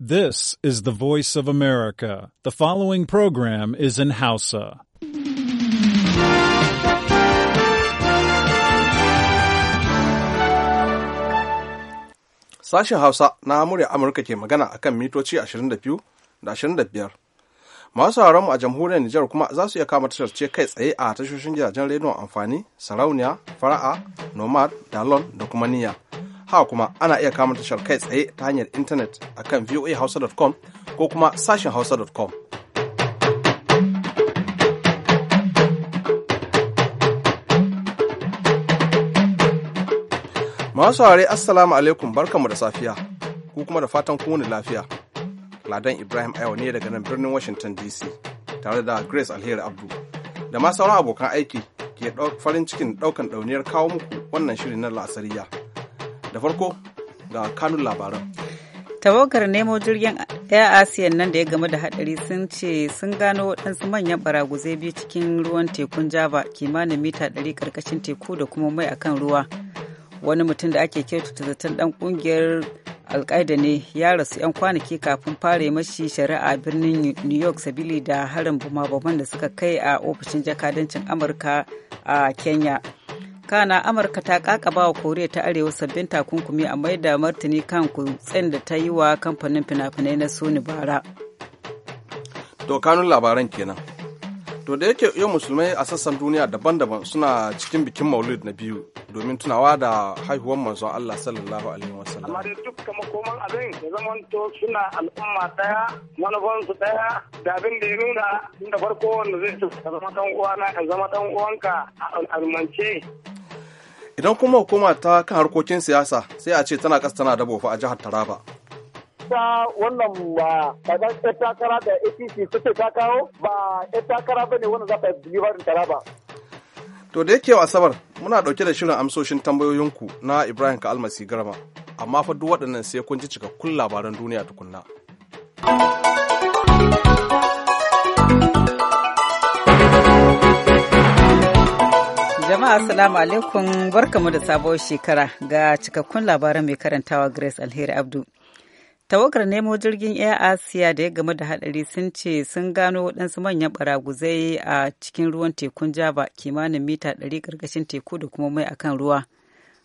This is the voice of America. The following program is in Hausa. Sashen Hausa na murya Amurka ke magana a kan mitoci 22 da 25. Masu mu a jamhuriyar Nijar kuma za su iya kama tashar ce kai tsaye a tashoshin gidajen rediyon amfani, sarauniya, fara'a, nomad, dalon da kuma niyya. haka kuma ana iya kama tashar kai tsaye ta hanyar intanet a kan voahausa.com ko kuma sashen hausa.com. Masu saurare Assalamu alaikum barkanmu da safiya, ku kuma da fatan kowane lafiya. Ladan Ibrahim Ayo ne daga nan birnin Washington DC tare da Grace Alheri Abdu da ma sauran abokan aiki ke farin cikin daukan dauniyar kawo muku wannan shirin na la'asariya. da farko ga kanun labaran tawagar nemo jirgin air asia nan da ya game da hadari sun ce sun gano waɗansu manyan baraguzai biyu cikin ruwan tekun java kimanin mita 100 karkashin teku da kuma mai akan ruwa wani mutum da ake kyautata zaton dan kungiyar alkaida ne ya rasu 'yan kwanaki kafin fara mashi shari'a birnin new york sabili da harin bumabaman da suka kai a ofishin jakadancin amurka a kenya kana amurka ta kakaba wa koriya ta arewa sabbin takunkumi a mai da martini kan kutsen da ta yi wa kamfanin fina-finai na sony bara to kanun labaran kenan to da yake yau musulmai a sassan duniya daban-daban suna cikin bikin maulid na biyu domin tunawa da haihuwar masu Allah sallallahu alaihi wasallam amma da dukkan abin ya zama to suna al'umma daya manufan su daya da abin da ya nuna da farko wanda zai zama dan uwana ya zama dan uwanka a al'umance idan kuma hukuma ta kan harkokin siyasa sai a ce tana kasa tana dabofa a jihar taraba ita wannan ba kaga ita takara da apc suke ta kawo ba ita takara bane wanda za ta yi barin taraba to da yake asabar muna dauke da shirin amsoshin tambayoyinku na ibrahim ka almasi garma amma fa duk waɗannan sai kun ji cikakkun labaran duniya tukunna. Jama'a Assalamu alaikum barkamu da sabuwar shekara ga cikakkun labaran mai karantawa Grace Alheri Abdu. Tawagar nemo jirgin Air Asia da ya game da hadari sun ce sun gano waɗansu manyan baraguzai a cikin ruwan tekun Java kimanin mita ɗari ƙarƙashin teku da kuma mai akan ruwa.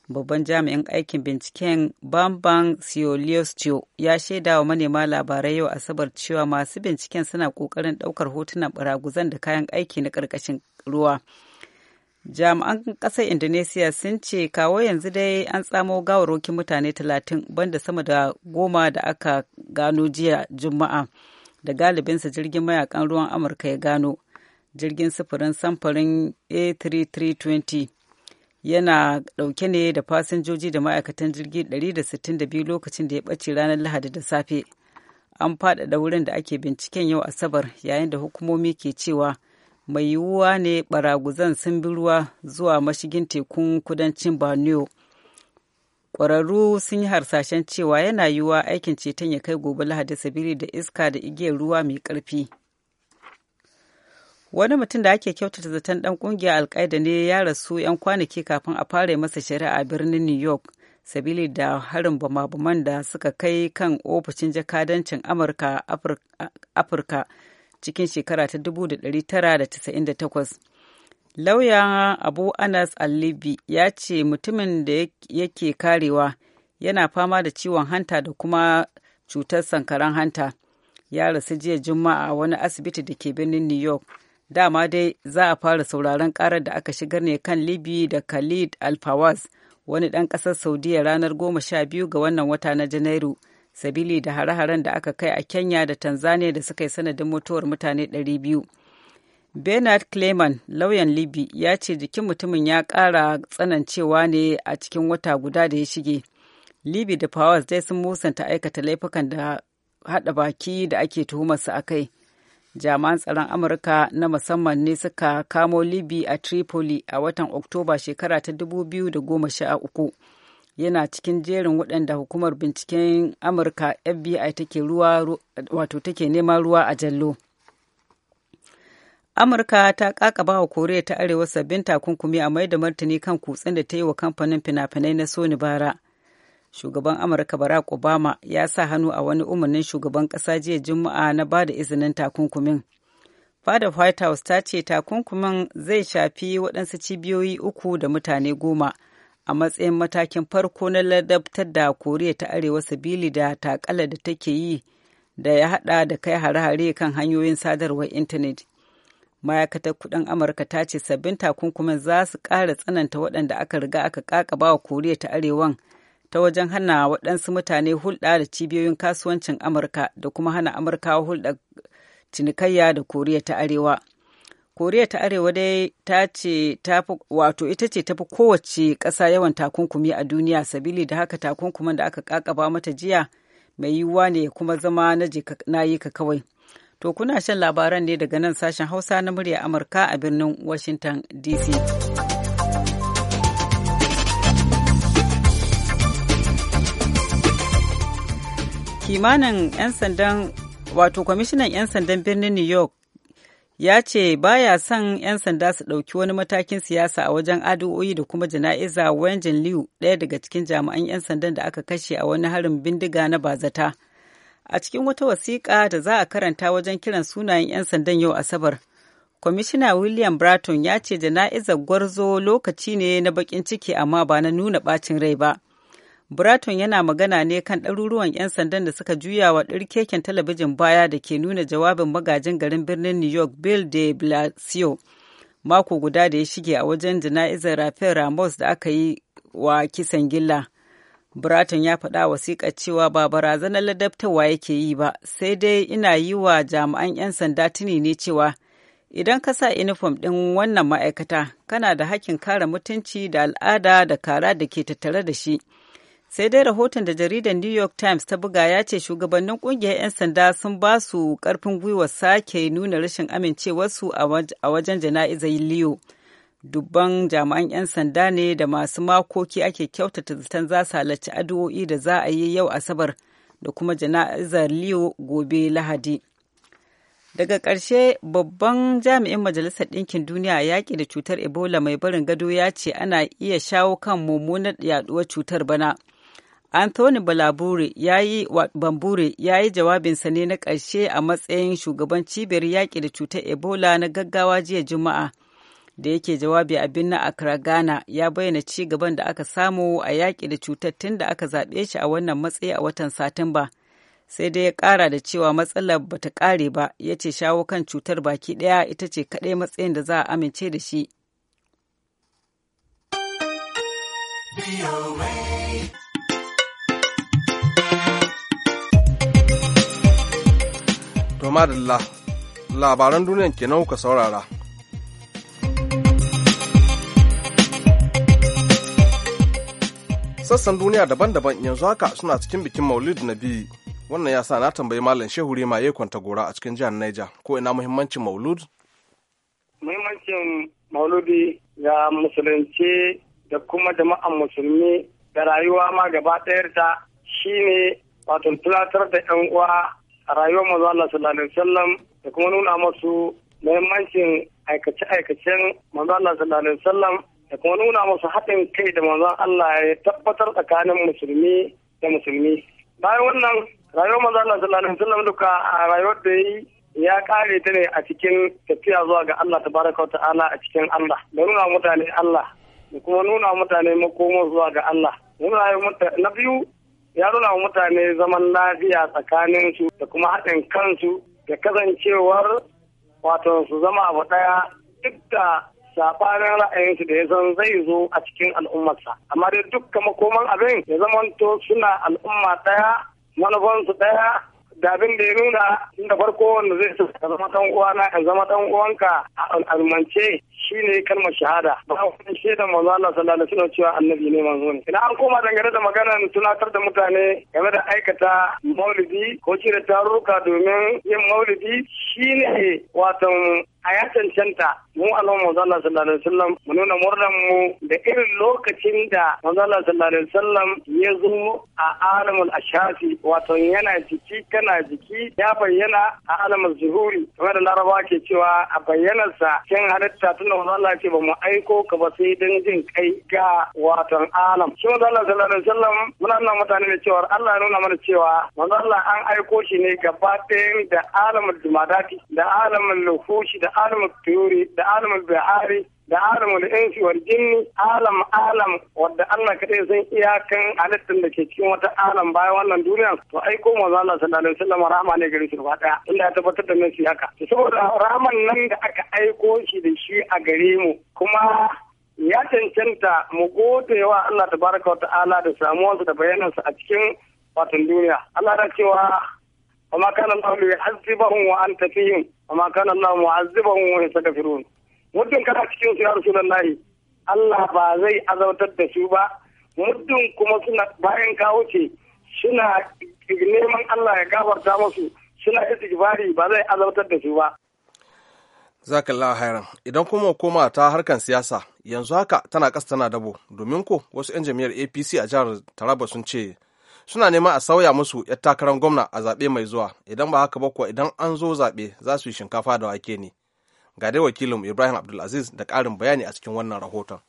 Babban jami'in aikin binciken Bambang Siolistio ya shaida wa manema labarai yau Asabar cewa masu binciken suna ƙoƙarin ɗaukar hotunan baraguzan da kayan aiki na ƙarƙashin ruwa. jami'an ƙasar indonesiya sun ce kawo yanzu dai an tsamo gawarwakin mutane talatin banda sama da goma da aka gano jiya juma'a da galibinsa jirgin mayakan ruwan amurka ya gano jirgin sufurin samfurin a3320 yana ɗauke ne da fasinjoji da ma'aikatan jirgi 162 lokacin da ya ɓace ranar lahadi da safe an faɗaɗa wurin da ake binciken yau asabar yayin da hukumomi ke cewa mai yiwuwa ne baraguzan sun bi ruwa zuwa mashigin tekun kudancin borneo ƙwararru sun yi harsashen cewa yana yiwuwa aikin ceton ya kai gobe lahadi sabiri da iska da igiyar ruwa mai ƙarfi wani mutum da ake kyautata zaton dan kungiyar alkaida ne ya rasu 'yan kwanaki kafin a fara masa shari'a a birnin new york sabili da harin bama-baman da suka kai kan ofishin jakadancin amurka afirka cikin shekara ta 1998. Lauya Abu Anas Alibi ya ce mutumin da yake karewa yana fama da ciwon hanta da kuma cutar sankaran hanta. Ya rasu jiya Juma'a a wani asibiti da ke birnin New York. Dama dai za a fara sauraron karar da aka shigar ne kan libi da Khalid Alfawaz, wani ɗan ƙasar Saudiya ranar goma sha biyu ga wannan wata na Janairu. sabili da hare-haren da aka kai a kenya da tanzania da suka yi sanadin mutuwar mutane 200 bernard clayman lauyan libby ya ce jikin mutumin ya ƙara tsanancewa ne a cikin wata guda da ya shige libby da powers dai sun musanta aikata laifukan da haɗa baki da ake tuhumar su a kai jami'an tsaron amurka na musamman ne suka kamo libby a tripoli a watan oktoba shekara ta 2013 yana cikin jerin waɗanda hukumar binciken amurka fbi take ruwa wato take neman ruwa a jallo amurka ta kakaba wa koriya ta arewa sabbin takunkumi a mai da martani kan kutsen da ta yi wa kamfanin fina-finai na soni bara shugaban amurka barack obama ya sa hannu a wani umarnin shugaban ƙasa jiya juma'a na ba da izinin takunkumin Fada white house ta ce takunkumin zai shafi waɗansu cibiyoyi uku da mutane goma a matsayin matakin farko na ladabtar da koriya ta arewa sabili da takala da take yi da ya hada da kai hare-hare kan hanyoyin sadarwar intanet ma'aikatar kudin amurka ta ce sabbin takunkumin za su ƙara tsananta waɗanda aka riga aka kakaba wa koriya ta arewan ta wajen hana waɗansu mutane hulɗa da cibiyoyin kasuwancin amurka da kuma hana amurkawa hulɗa cinikayya da koriya ta arewa koriya ta arewa dai ta ce wato ita ce ta fi kowace ƙasa yawan takunkumi a duniya sabili da haka takunkumin da aka kakaba mata jiya mai yiwuwa ne kuma zama na je na yi ka kawai to kuna shan labaran ne daga nan sashen hausa na murya amurka a birnin washington dc kimanin 'yan sandan wato kwamishinan 'yan sandan birnin new york ya ce baya son 'yan sanda su ɗauki wani matakin siyasa a wajen addu'o'i da kuma jana'iza jin Liu ɗaya daga cikin jami'an 'yan sandan da aka kashe a wani harin bindiga na bazata. A cikin wata wasiƙa da za a karanta wajen kiran sunayen 'yan sandan yau Asabar, Kwamishina William Bratton ya ce jana'izar gwarzo lokaci ne na baƙin ciki amma ba na nuna ɓacin rai ba. braton yana magana ne kan ɗaruruwan 'yan sandan da suka juya wa ɗirkeken talabijin baya da ke nuna jawabin magajin garin birnin New York Bill de Blasio mako guda da ya shige a wajen jana'izar Rafael Ramos da aka yi wa kisan gilla. braton ya faɗa wasiƙa cewa ba barazanar ladabtarwa yake yi ba, sai dai ina yi wa jami'an 'yan sanda tuni ne cewa idan ka sa inifom ɗin wannan ma'aikata kana da hakkin kare mutunci da al'ada da kara da ke tattare da shi. sai dai rahoton da jaridar new york times ta buga ya ce shugabannin kungiyar 'yan sanda sun ba su karfin gwiwa sake nuna rashin amincewarsu a wajen jana'izar liyo dubban jami'an 'yan sanda ne da masu makoki ake kyautata zaton za su halarci addu'o'i da za a yi yau asabar da kuma jana'izar liyo gobe lahadi daga karshe babban jami'in majalisar ɗinkin duniya a yaƙi da cutar ebola mai barin gado ya ce ana iya shawo kan mummunar yaduwar cutar bana Anthony Balabure ya yi bambure ya yi jawabinsa ne na ƙarshe a matsayin shugaban cibiyar yaƙi da cutar Ebola na gaggawa jiya Juma'a. Da yake jawabi a birnin Accra, Ghana, ya bayyana ci gaban da aka samu a yaƙi da cutar tun da aka zaɓe shi a wannan matsayi a watan Satumba. Sai dai ya ƙara da cewa matsalar ba ta ƙare ba, ya ce shawo kan cutar baki ɗaya ita ce kaɗai matsayin da za a amince da shi. To madalla labaran duniyan kenan kuka saurara. Sassan duniya daban-daban yanzu haka suna cikin bikin Maulid biyu Wannan ya sa na tambayi Malam Shehu Rima ya kwanta gora a cikin jihar Niger ko ina muhimmancin Maulud? Muhimmancin Mauludi ga musulunci da kuma jama'an musulmi da rayuwa ma gaba ɗayarta shine wato tunatar da 'yan uwa a rayuwar mazu Allah sallallahu alaihi wasallam da kuma nuna masu muhimmancin aikace-aikacen mazu Allah sallallahu alaihi wasallam da kuma nuna masu haɗin kai da mazu Allah ya tabbatar tsakanin musulmi da musulmi bayan wannan rayuwar mazu Allah sallallahu alaihi wasallam duka a rayuwar da yi ya kare ta ne a cikin tafiya zuwa ga Allah tabaraka wa ta'ala a cikin Allah da nuna mutane Allah da kuma nuna mutane makomo zuwa ga Allah na biyu ya nuna mutane zaman lafiya tsakanin su da kuma haɗin kansu da kasancewar wato su zama abu ɗaya duk da saɓanin ra'ayinsu da ya san zai zo a cikin al'ummarsa amma dai dukka makoman abin ya zamanto suna al'umma ɗaya manufansu ɗaya da abin da ya nuna inda farko wanda zai zama ɗan uwana zama ɗan uwanka a al'almance shine kalmar shahada ba wani shaidan manzo Allah sallallahu alaihi cewa annabi ne manzo ne idan an koma dangane da magana tunatar da mutane game da aikata maulidi ko cire taruka domin yin maulidi shine watan a ya cancanta mu alama manzo Allah sallallahu alaihi mu nuna murnan mu da irin lokacin da manzo Allah sallallahu alaihi ya zo a alamul ashafi Watan yana jiki kana jiki ya bayyana a alamul zuhuri kamar da Laraba ke cewa a bayyanarsa kin halitta tun da manzo Allah ce ba mu aiko ka ba sai dan jin kai ga watan alam shi manzo Allah sallallahu alaihi wasallam muna nuna mutane da cewa Allah ya nuna mana cewa manzo Allah an aiko shi ne gaba ɗayan da alamul jumadati da alamul lufushi da alamul turi da alamul bihari da da insi wal jinni alam alam wadda Allah kadai san iyakan halittar da ke cikin wata alam bayan wannan duniya to ai ko manzo Allah sallallahu alaihi wasallam rahama ne gare shi ba daya inda ya tabbatar da nasi haka saboda rahaman nan da aka aiko shi da shi a gare mu kuma ya cancanta mu gode wa Allah tabaraka wa ta'ala da samuwar da bayanan sa a cikin watan duniya Allah da cewa Allah كان الله ليعذبهم وانت فيهم وما kana Allah معذبهم wa يستغفرون muddin kana cikin su ya rasulullahi Allah ba zai azautar da su ba muddin kuma suna bayan ka wuce suna neman Allah ya gafarta musu suna istighfari ba zai azautar da su ba Zakallahu hairan idan kuma koma ta harkan siyasa yanzu haka tana kasa tana dabo domin ko wasu 'yan jami'ar APC a jihar Taraba sun ce suna neman a sauya musu 'yan takarar gwamna a zaɓe mai zuwa idan ba haka ba kuwa idan an zo zaɓe za su yi shinkafa da wake ne ga dai wakilin ibrahim abdulaziz da ƙarin bayani a cikin wannan rahoton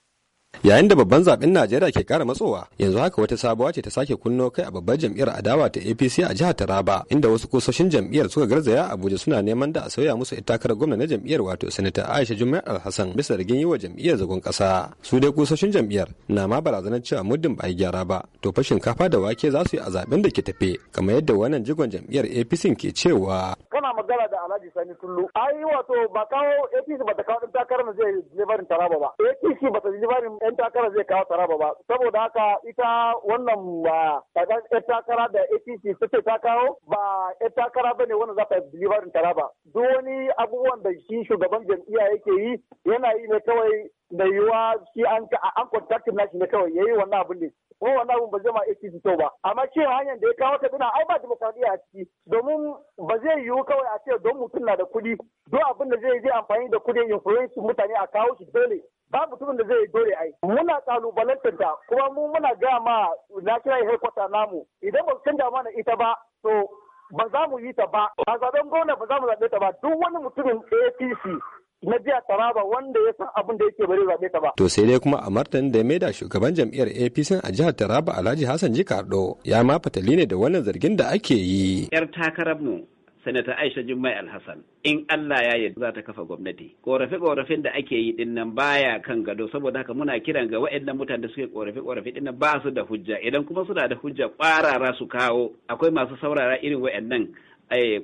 yayin da babban zaben najeriya ke kara matsowa yanzu haka wata sabuwa ce ta sake kunno kai a babbar jam'iyyar adawa ta apc a jihar taraba inda wasu kusoshin jam'iyyar suka garzaya abuja suna neman da a sauya musu takarar gwamna na jam'iyyar wato sanata aisha jummai alhassan bisa rigin yi wa jam'iyyar zagon kasa su dai kusoshin jam'iyyar na ma barazanar cewa muddin ba a gyara ba to fa shinkafa da wake za su yi a zaben da ke tafe kamar yadda wannan jigon jam'iyyar apc ke cewa kana magana da alhaji sani tullu ai wato ba kawo apc ba ta kawo takarar zai libarin taraba ba apc ba ta libarin 'yan takara zai kawo taraba ba saboda haka ita wannan ba tsakan 'yan takara da APC ce ta kawo ba 'yan takara ba ne wanda za ta deliverin taraba duk wani abubuwan da shi shugaban jam'iyya yake yi yana yi ne kawai da yiwuwa shi an an contactin nashi ne kawai yayi wannan abin ne ko wannan abin ba zai ma APC to ba amma ce hanyar da ya kawo ta dina ai ba demokradiyya a ciki domin ba zai yiwu kawai a ce don mutum na da kuɗi duk abin da zai zai amfani da kuɗi influence mutane a kawo shi dole ba mutumin da zai dore ai muna kalubalantar da kuma mu muna gaya ma national headquarter namu idan ba su canja mana ita ba to ba za mu yi ta ba a zaben gona ba za mu zaɓe ta ba duk wani mutumin apc na jiya taraba wanda ya san abin da yake bari zaɓe ta ba. To sai dai kuma a martanin da ya maida shugaban jam'iyyar APC a jihar Taraba Alhaji Hassan Jikardo ya ma fatali ne da wannan zargin da ake yi. Yar takararmu sanata aisha jummai alhassan in allah ya yarda za ta kafa gwamnati korafe korafin da ake yi din nan baya kan gado saboda haka muna kiran ga waɗannan mutane da suke korafe korafe din nan ba su da hujja idan kuma suna da hujja kwarara su kawo akwai masu saurara irin waɗannan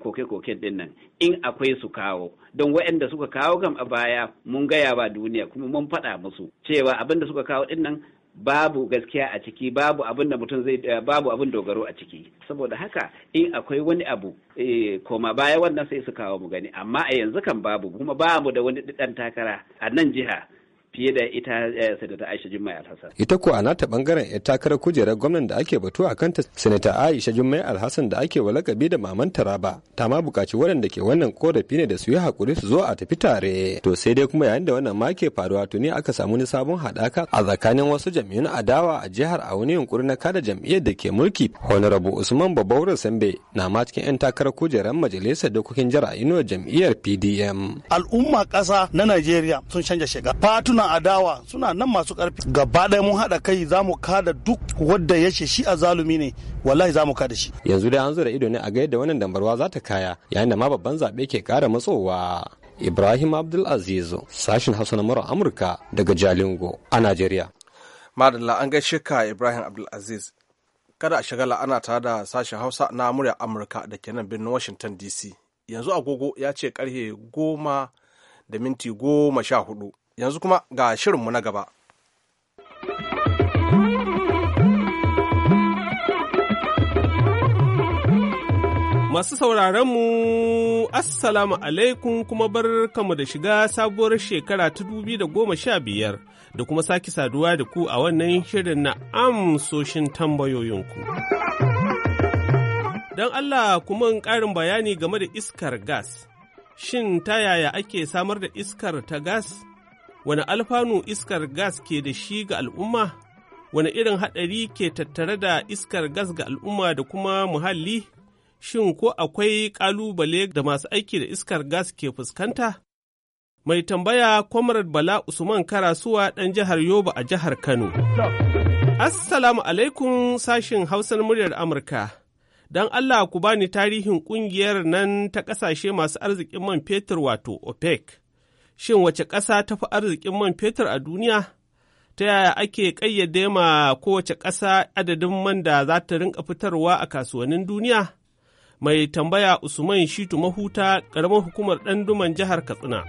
koke eh, koke din nan in akwai su kawo don waɗanda suka kawo gam a baya mun gaya ba duniya kuma mun faɗa musu cewa abin da suka kawo din nan babu gaskiya a ciki babu abin da mutum zai eh, babu abin dogaro a ciki saboda haka in akwai wani abu eh, koma baya wannan sai su kawo mu gani amma a yanzu kan babu kuma ba mu da wani ɗan takara a nan jiha fiye da ita yayarsa eh, da Aisha Jummai Alhassan. Ita ko a nata bangaren ya takarar kujerar gwamnan da ake batu a kanta Sanata Aisha Jummai Alhassan da ake wa lakabi da maman Taraba ta ma bukaci waɗanda ke wannan korafi ne da su yi hakuri su zo a tafi tare. To sai dai kuma yayin da wannan ma ke faruwa tuni aka samu ni sabon haɗaka a tsakanin wasu jam'iyyun adawa a jihar a wani yunkuri na kada jam'iyyar da ke mulki. Honorable Usman Babawar Sambe na ma cikin 'yan takarar kujerar majalisar dokokin jihar a inuwar jam'iyyar PDM. Al'umma ƙasa na Najeriya sun canja shiga. Fatuna suna adawa suna nan masu karfi gaba ɗaya mun haɗa kai za mu kada duk wanda ya ce shi azalumi ne wallahi za mu kada shi yanzu dai an zura ido ne a ga yadda wannan dambarwa za ta kaya yayin da ma babban zaɓe ke ƙara matsowa ibrahim abdulaziz sashin hausa mura amurka daga jalingo a najeriya madalla an gaishe ka ibrahim abdulaziz kada a shagala ana tare da sashen hausa na murya amurka da ke nan birnin washington dc yanzu agogo ya ce karfe goma da minti goma sha hudu yanzu kuma ga shirinmu na gaba. Masu sauraronmu, Assalamu alaikum kuma bar kamu da shiga sabuwar shekara ta dubi da goma sha biyar da kuma sake saduwa da ku a wannan shirin na amsoshin tambayoyinku. Don Allah kuma ƙarin bayani game da iskar gas, shin ta yaya ake samar da iskar ta gas? wani alfanu iskar gas ke da shi ga al'umma wani irin haɗari ke tattare da iskar gas ga al'umma da kuma muhalli shin ko akwai ƙalubale da masu aiki da iskar gas ke fuskanta mai tambaya comrade bala usman karasuwa ɗan jihar yoba a jihar kano assalamu alaikum sashin hausar muryar amurka don allah ku bani tarihin ƙungiyar nan ta ƙasashe masu arzikin man fetur wato opec Shin wace ƙasa ta fi arzikin man fetur a duniya? Ta yaya ake ƙayyade ma kowace ƙasa adadin man da za ta rinka fitarwa a kasuwannin duniya? Mai tambaya Usman Shitu Mahuta, ƙaramin hukumar ɗanduman jihar Katsina.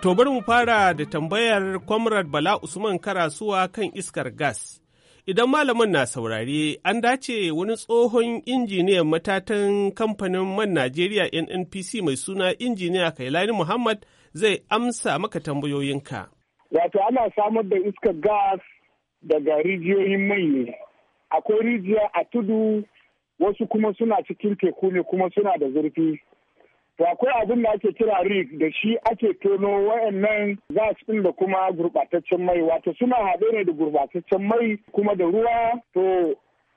To bari mu fara da tambayar Comrade Bala Usman Karasuwa kan iskar gas. Idan malamin na saurare, an dace wani tsohon injiniyan matatan kamfanin man Najeriya NNPC mai suna injiniya Kailani Muhammad zai amsa maka tambayoyinka. Wato ana samar da iskar gas daga rijiyoyin mai ne. Akwai rijiya a tudu, wasu kuma suna cikin teku ne kuma suna da zurfi. To akwai abin da ake kira rig da shi ake tono wayannan gas ɗin da kuma gurɓataccen mai wato suna haɗe ne da gurɓataccen mai kuma da ruwa to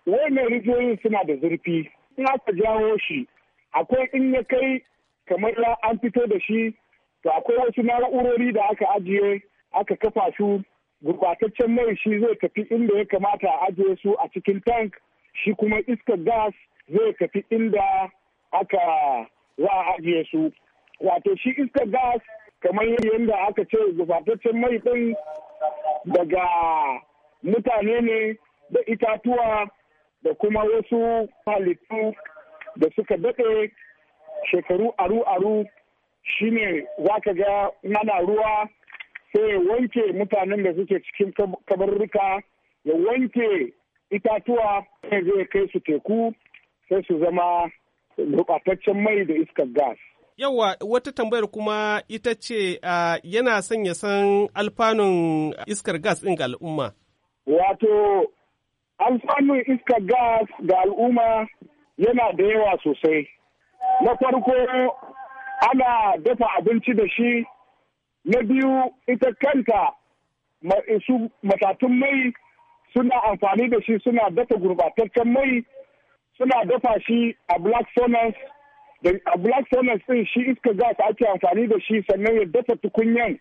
wayannan rijiyoyin suna da zurfi in aka jawo shi akwai in ya kai kamar an fito da shi to akwai wasu na'urori da aka ajiye aka kafa su gurbataccen mai shi zai tafi inda ya kamata a ajiye su a cikin tank shi kuma iskar gas zai tafi inda aka za a ajiye su wato shi iskar gas kamar yadda aka ce gubataccen mai ɗin daga mutane ne da itatuwa da kuma wasu halittu da suka daɗe shekaru aru-aru shine za ka ga mana ruwa sai ya wanke mutanen da suke cikin kabarruka ya wanke itatuwa zai kai su teku sai su zama gurbataccen mai da iskar gas. Yawa wata tambayar kuma ita ce yana sanya san alfanun iskar gas ɗin ga al'umma. Wato, alfanun iskar gas ga al'umma yana da yawa sosai. Na farko ana dafa abinci da shi, na biyu ita kanta su matatun mai suna amfani da shi suna dafa gurbataccen mai. suna dafa shi a black furnace da a black furnace din shi iska gas ake amfani da shi sannan ya dafa tukunyan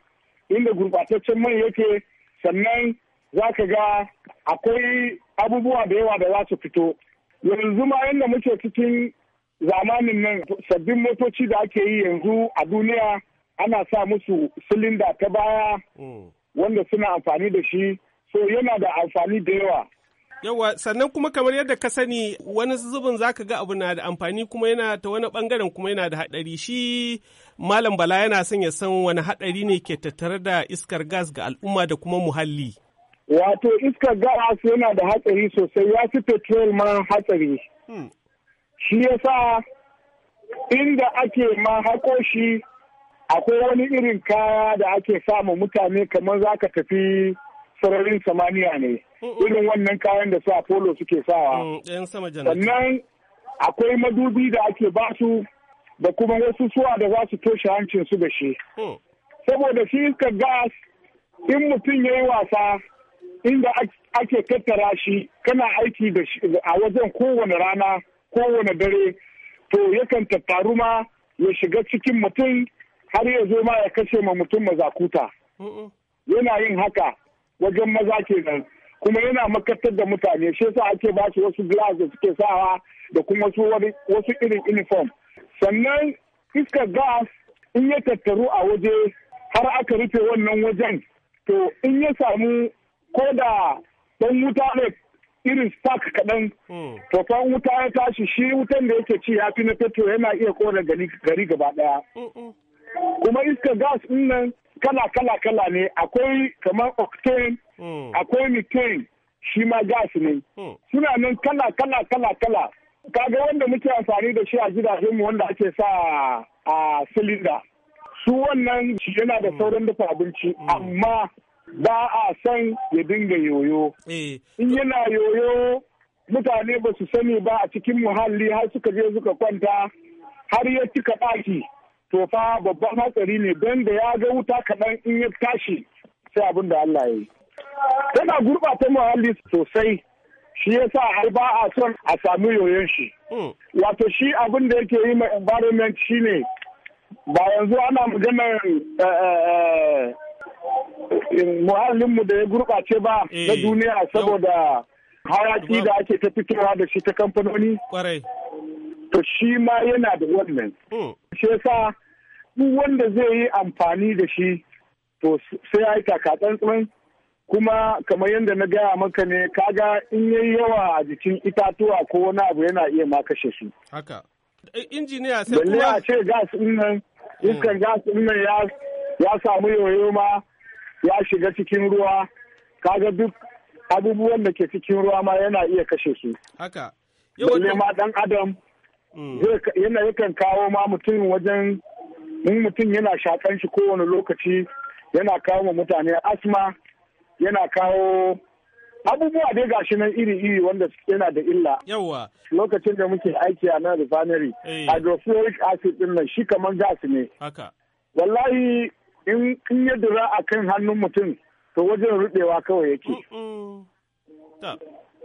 inda gurbataccen mai yake sannan za ka ga akwai abubuwa da yawa da za su fito yanzu ma yadda muke cikin zamanin nan sabbin motoci da ake yi yanzu a duniya ana sa musu silinda ta baya mm. wanda suna amfani da shi so yana da amfani da yawa Yawa sannan kuma kamar yadda ka sani wani zubin zaka ga abu na da amfani kuma yana ta wani bangaren kuma yana da haɗari shi Malam Bala yana son ya san wani haɗari ne ke tattare da iskar gas ga al'umma da kuma muhalli. Wato iskar gas yana da hatsari sosai ya fi petrol ma hatsari. Hmm. Shi yasa inda ake ma haƙo shi akwai wani irin kaya da ake samun mutane kamar za ka tafi sararin samaniya ne. irin wannan kayan da sa polo suke sawa mm, sannan akwai madubi da ake ba su da kuma wasu suwa da za su toshe hancin su da shi mm. saboda shi iskar gas in mutum ya yi wasa inda ake tattara shi kana aiki da shi a wajen kowane rana kowane dare to yakan tattaru ma ya shiga cikin mutum har ya zo ma ya kashe ma mutum mazakuta yana yin haka wajen maza kenan kuma yana makatar da mutane shi yasa ake ba shi wasu glass da suke sawa da kuma wasu irin uniform sannan iska gas in ya tattaru a waje har aka rufe wannan wajen to in ya samu ko da ɗan wuta ne irin spark kaɗan hmm. to fa wuta ya tashi shi wutan da yake ci ya fi na petro yana iya kona gari gaba ɗaya hmm, hmm. kuma iska gas nan kala kala kala ne akwai kamar octane hmm. akwai methane shi ma gas ne hmm. suna nan kala kala kala kala kaga wanda muke amfani da shi a gidajen mu wanda ake sa a silinda su wannan shi yana da hmm. sauran dafa abinci amma ba a san ya dinga yoyo eh. in yana yoyo mutane ba su sani ba a cikin muhalli har suka je suka kwanta har ya cika ɗaki to fa babban hatsari ne don da ya ga wuta kaɗan in ya tashi sai abin da Allah ya yi. Tana gurɓata muhalli sosai shi yasa har ba a son a sami yoyon shi. Hmm. Wato shi abin da yake yi ma environment shine ba yanzu ana maganar eh, eh, eh, muhallinmu da ya gurɓace ba na duniya saboda hayaki da ake ta fitowa da shi ta kamfanoni. to shi ma yana da wannan hmm. shi yasa duk wanda zai yi amfani da shi to sai ya yi takatsantsan kuma kamar yadda na gaya maka ne kaga in yi yawa a jikin itatuwa ko wani abu yana iya ma kashe su haka eh, injiniya sai kuma a ce gas din nan hmm. iskan gas din nan ya samu yoyo ma ya shiga cikin ruwa kaga duk abubuwan da ke cikin ruwa ma yana iya kashe su haka yau ma dan adam Mm. yana yakan kawo ma mutum wajen in mutum yana shakan shi kowane lokaci yana kawo ma mutane asma yana kawo abubuwa dai gashi nan iri-iri wanda yana da illa. yawa Lokacin da muke aiki a nan refinery, eh. hydrofluoric acid din nan shi kamar gas ne. Haka. Wallahi in ya dura a kan hannun mutum to wajen rudewa kawai yake.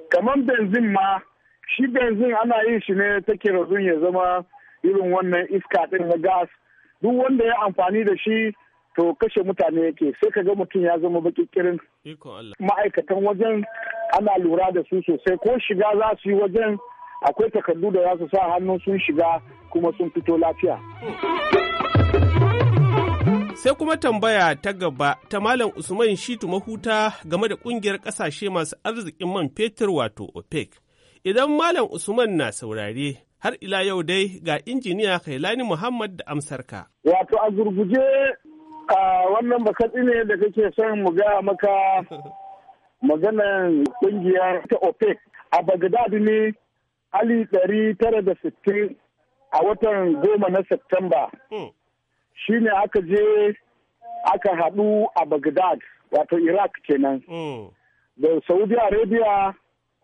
Kamar benzin ma shi benzin ana yin shi ne ta kerosin ya zama irin wannan iska ɗin na gas duk wanda ya amfani da shi to kashe mutane yake sai ka ga mutum ya zama bakikirin ma'aikatan wajen ana lura da su sosai ko shiga za su yi wajen akwai takardu da za su sa hannun sun shiga kuma sun fito lafiya. Sai kuma tambaya ta gaba ta Malam Usman Shitu Mahuta game da kungiyar kasashe masu arzikin man fetur wato OPEC. Idan Malam Usman na saurare, har ila yau dai ga injiniya lani Muhammad da amsarka. Wato a gurguje wannan bakaɗi ne da kake son mu ga maka maganan kungiyar ta OPEC a Bagdad ne hali ɗari tara da sittin a watan goma na satumba hmm. Shi ne aka je aka haɗu a Bagdad wato Iraq kenan. Hmm. Da Saudi Arabia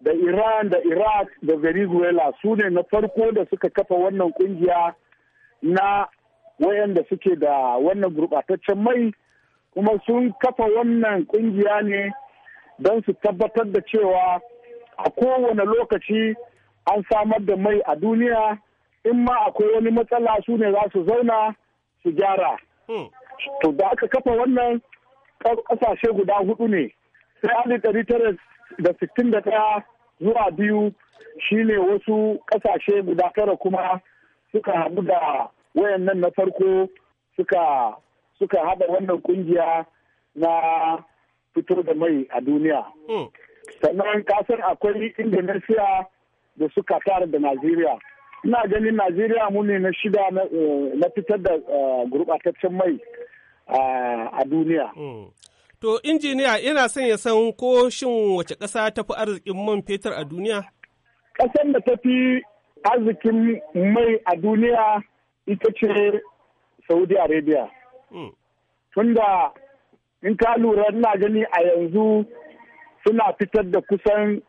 da Iran da Iraq da Venezuela su ne na farko da suka kafa wannan kungiya na wayanda suke da wannan gurbataccen mai kuma sun kafa wannan kungiya ne don su tabbatar da cewa a kowane lokaci an samar da mai a duniya in ma akwai wani matsala su ne za su zauna su gyara. Hmm. To da aka kafa wannan ƙasashe guda hudu ne sai tara da sittin da zuwa biyu shine wasu kasashe guda tara kuma suka haɗu da wayannan na farko suka suka haɗa wannan kungiya na fito da mai a duniya. Hmm. Sannan kasar akwai Indonesia da suka Qatar da Najeriya. Ina ganin Najeriya mu ne na shida na eh, fitar da eh, gurɓataccen mai eh, a duniya. Hmm. To, injiniya yana son ya san ko shin wace ƙasa ta fi arzikin man fetur a duniya? Ƙasar da ta fi arzikin mai a duniya ita ce Saudi Arabia. Hmm. Tunda in ka lura na gani a yanzu suna fitar da kusan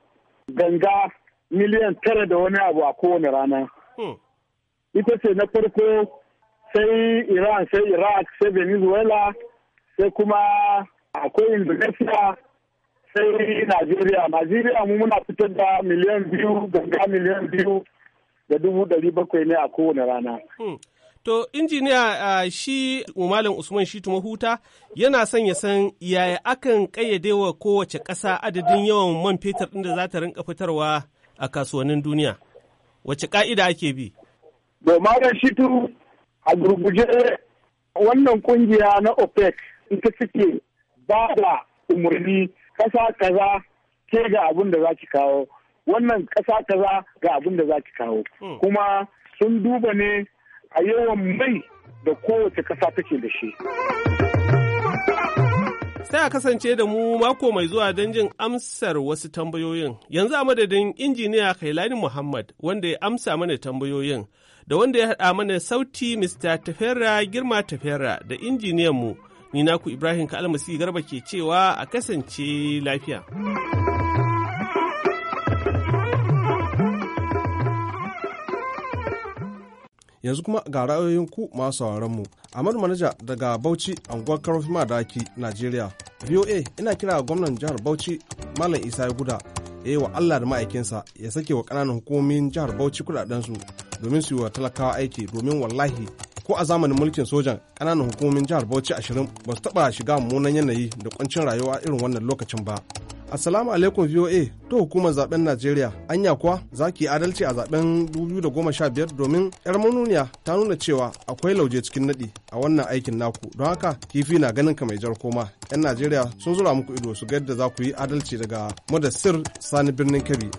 ganga miliyan tara da wani abu a kowane rana. Hmm. Ita ce na farko sai Iran, sai Iraq, sai Venezuela, sai kuma akwai indonesia sai najeriya najeriya mu muna fitar da miliyan biyu ganga miliyan biyu da dubu dari bakwai ne a kowane rana hmm. To, injiniya uh, shi umalin Usman shi Mahuta yana son ya san yaya akan ƙayyade wa kowace ƙasa adadin yawan man fetur ɗin da za ta rinka fitarwa a kasuwannin duniya. Wace ƙa'ida ake bi? Domin shi tu a gurguje wannan kungiya na OPEC ita suke ba da umarni ƙasa kaza ke ga abin da za ki kawo wannan ƙasa kaza ga abin da za ki kawo hmm. kuma sun duba ne a yawan mai da kowace ƙasa take da shi. Sai a kasance da mu mako mai zuwa don jin amsar wasu tambayoyin. Yanzu a madadin injiniya Kailani Muhammad wanda ya amsa mana tambayoyin da wanda ya haɗa mana sauti Mr. Tafera Girma Tafera da injiniyanmu Ni naku Ibrahim Kalmasi Garba ke cewa a kasance lafiya. Yanzu kuma ga ra'ayoyin ku masu mu Ahmad Manaja daga Bauchi, anguwar Karofin Madaki, Najeriya. VOA ina kira gwamnan jihar Bauchi, Malam Isa Guda, ya yi wa Allah da ma'aikinsa ya sake wa ƙananan hukumomin jihar Bauchi kuɗaɗensu domin su yi wa talakawa aiki domin wallahi ko a zamanin mulkin sojan ƙananan hukumomin jihar Bauchi ashirin ba su taɓa shiga mummunan yanayi da kuncin rayuwa irin wannan lokacin ba. Assalamu alaikum VOA to hukumar zaben Najeriya anya kuwa za ki adalci a zaben 2015 domin yar manuniya ta nuna cewa akwai lauje cikin nadi a wannan aikin naku don haka kifi na ganin ka mai jar koma yan Najeriya sun zura muku ido su ga yadda za ku yi adalci daga madassir sani birnin Kebbi.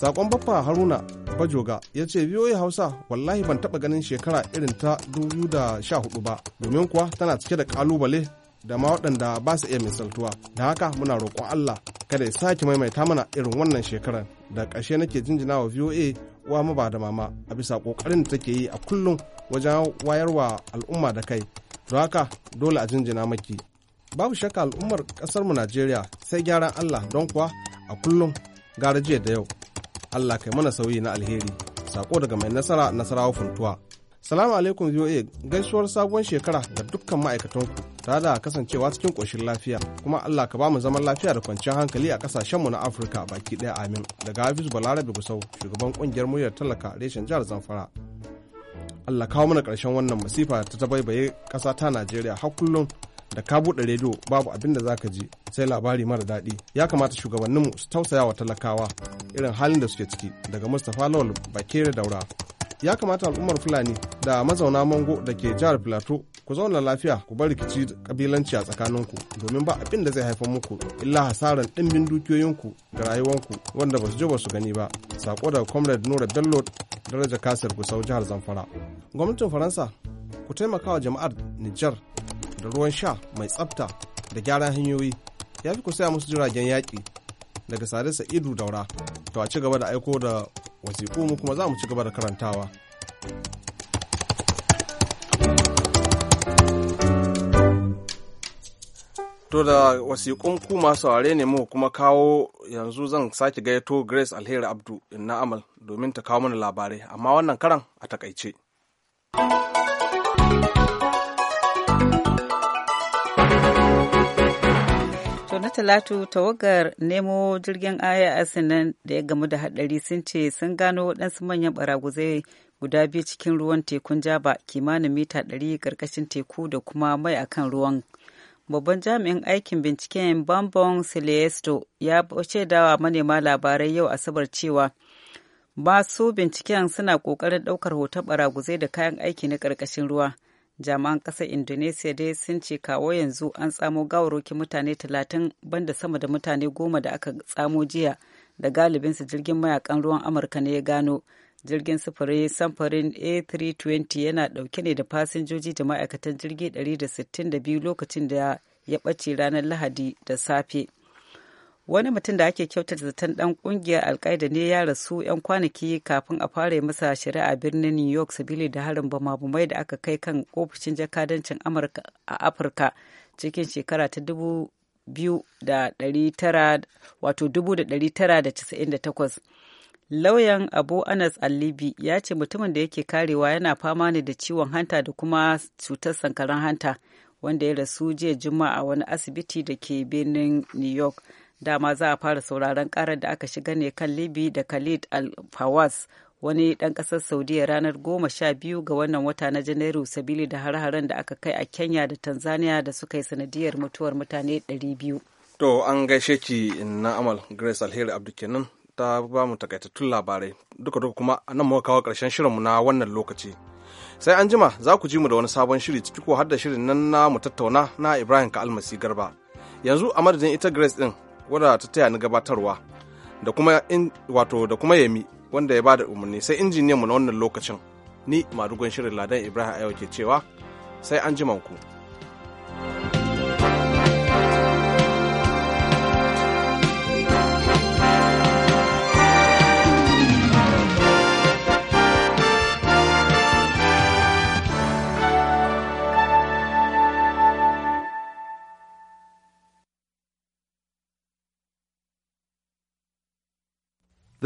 sakon baffa haruna bajoga ya ce biyoyi hausa wallahi ban taba ganin shekara irin ta 2014 ba domin kuwa tana cike da kalubale da ma waɗanda ba su iya misaltuwa da haka muna roƙon allah kada ya sake maimaita mana irin wannan shekarar da ƙarshe nake jinjina wa voa wa ba da mama a bisa ƙoƙarin da take yi a kullum wajen wayarwa al'umma da kai don haka dole a jinjina maki babu shakka al'ummar ƙasarmu najeriya sai gyaran allah don kuwa a kullum gara jiya da yau Allah kai mana sauyi na alheri. Sako daga mai nasara nasarawa funtuwa. Salamu alaikum VOA gaisuwar sabuwar shekara ga dukkan ma'aikatanku tare da kasancewa cikin ƙoshin lafiya kuma Allah ka ba mu zaman lafiya da kwanciyar hankali a ƙasashenmu na Afirka baki ɗaya amin daga Hafizu Balarabe Gusau shugaban ƙungiyar muryar talaka reshen jihar Zamfara. Allah kawo mana ƙarshen wannan masifa ta tabaibaye ƙasa ta Najeriya har kullum da ka buɗe rediyo babu abin da zaka ji sai labari mara daɗi ya kamata shugabanninmu su tausaya wa talakawa irin halin da suke ciki daga mustapha lawal bakere daura ya kamata al'ummar fulani da mazauna mango da ke jihar filato ku zauna lafiya ku bar rikici kabilanci a tsakaninku domin ba abin da zai haifar muku illa hasaran ɗimbin dukiyoyinku da rayuwanku wanda ba su je ba su gani ba sako daga comrade nura bello daraja kasir gusau jihar zamfara gwamnatin faransa ku taimaka wa jama'ar nijar da ruwan sha mai tsafta da gyaran hanyoyi ya fi kusaya musu jiragen yaƙi daga sadar sa'idu daura to a ci gaba da aiko da wasiƙu mu kuma za mu ci gaba da karantawa To da wasiƙun ku masu ware ne mu kuma kawo yanzu zan sake gaito Grace Alheri Abdu na Amal domin ta kawo mana labarai, amma wannan karan a takaice. na talatu tawagar nemo jirgin aya Sinan da ya gamu da hadari sun ce sun gano waɗansu manyan baraguzai guda biyu cikin ruwan tekun jaba kimanin mita ɗari karkashin teku da kuma mai akan ruwan babban jami'in aikin binciken bambon celesto ya shaidawa manema labarai yau asabar cewa masu binciken suna ƙoƙarin ɗaukar hoton baraguzai da kayan aiki na ƙarƙashin ruwa jami'an ƙasar indonesia dai sun ce kawo yanzu an tsamo gawarwakin mutane talatin banda sama da mutane goma da aka tsamo jiya da galibinsu jirgin mayakan ruwan amurka ne ya gano jirgin sufuri samfurin a320 yana dauke ne da fasinjoji da ma'aikatan jirgi 162 lokacin da ya ɓace ranar lahadi da safe wani mutum da ake kyautata zaton dan kungiyar alkaida ne ya rasu yan kwanaki kafin a fara masa shari'a birnin new york sabili da harin bamabumai da aka kai kan ofishin jakadancin amurka a afirka cikin shekara ta dubu biyu da dari tara wato dubu da dari tara da casa'in da takwas lauyan abu anas alibi ya ce mutumin da yake karewa yana fama ne da ciwon hanta da kuma cutar sankaran hanta wanda ya rasu jiya juma'a wani asibiti da ke birnin new york dama za a fara sauraron karar da aka shiga ne kan libi da khalid al-fawaz wani dan kasar saudiya ranar goma sha biyu ga wannan wata na janairu sabili da har-haren da aka kai a kenya da tanzania da suka yi sanadiyar mutuwar mutane 200 to an gaishe ki na amal grace alheri abdu kenan ta ba mu takaitattun labarai duka duka kuma nan muka kawo ƙarshen shirinmu na wannan lokaci sai an jima za ku ji mu da wani sabon shiri ciki ko har da shirin nan na mu tattauna na ibrahim ka almasi garba yanzu a madadin ita grace din wadda ta taya ni gabatarwa da kuma wato da kuma yami wanda ya bada umarni sai injiniyan mu na wannan lokacin ni madugon shirin ladan ibrahim ayo ke cewa sai an ku.